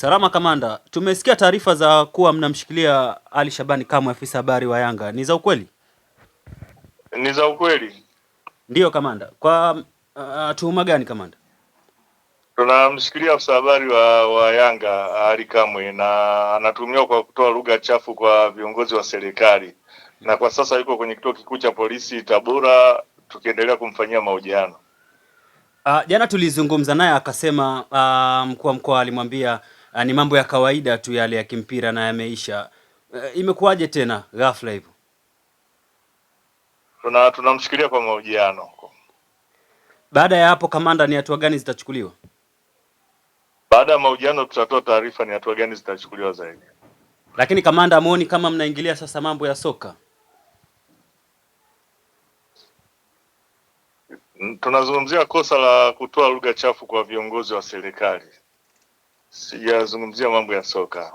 Salama kamanda, tumesikia taarifa za kuwa mnamshikilia Ali Shabani Kamwe, afisa habari wa Yanga, ni za ukweli? Ni za ukweli. Ndiyo kamanda. Kwa uh, tuhuma gani kamanda? Tunamshikilia afisa habari wa, wa Yanga Ali Kamwe na anatumiwa kwa kutoa lugha chafu kwa viongozi wa serikali, na kwa sasa yuko kwenye kituo kikuu cha polisi Tabora tukiendelea kumfanyia mahojiano. Uh, jana tulizungumza naye akasema, uh, mkuu wa mkoa alimwambia Ah, ni mambo ya kawaida tu yale ya kimpira na yameisha. Eh, imekuwaje tena ghafla hivyo? Tuna tunamshikilia kwa mahojiano. Baada ya hapo, kamanda, ni hatua gani zitachukuliwa? Baada ya mahojiano, tutatoa taarifa ni hatua gani zitachukuliwa zaidi. Lakini kamanda, amuoni kama mnaingilia sasa mambo ya soka? Tunazungumzia kosa la kutoa lugha chafu kwa viongozi wa serikali sijazungumzia mambo ya soka